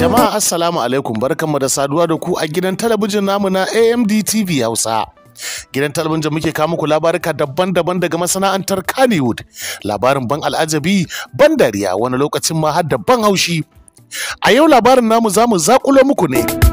Jama'a Assalamu alaikum barkanmu da saduwa da ku a gidan talabijin namu na AMD TV Hausa. Gidan talabijin muke kawo muku labarika daban-daban daga masana'antar Kannywood. Labarin ban al'ajabi, ban dariya, wani lokacin ma har da ban haushi. A yau labarin namu zamu zakulo muku ne.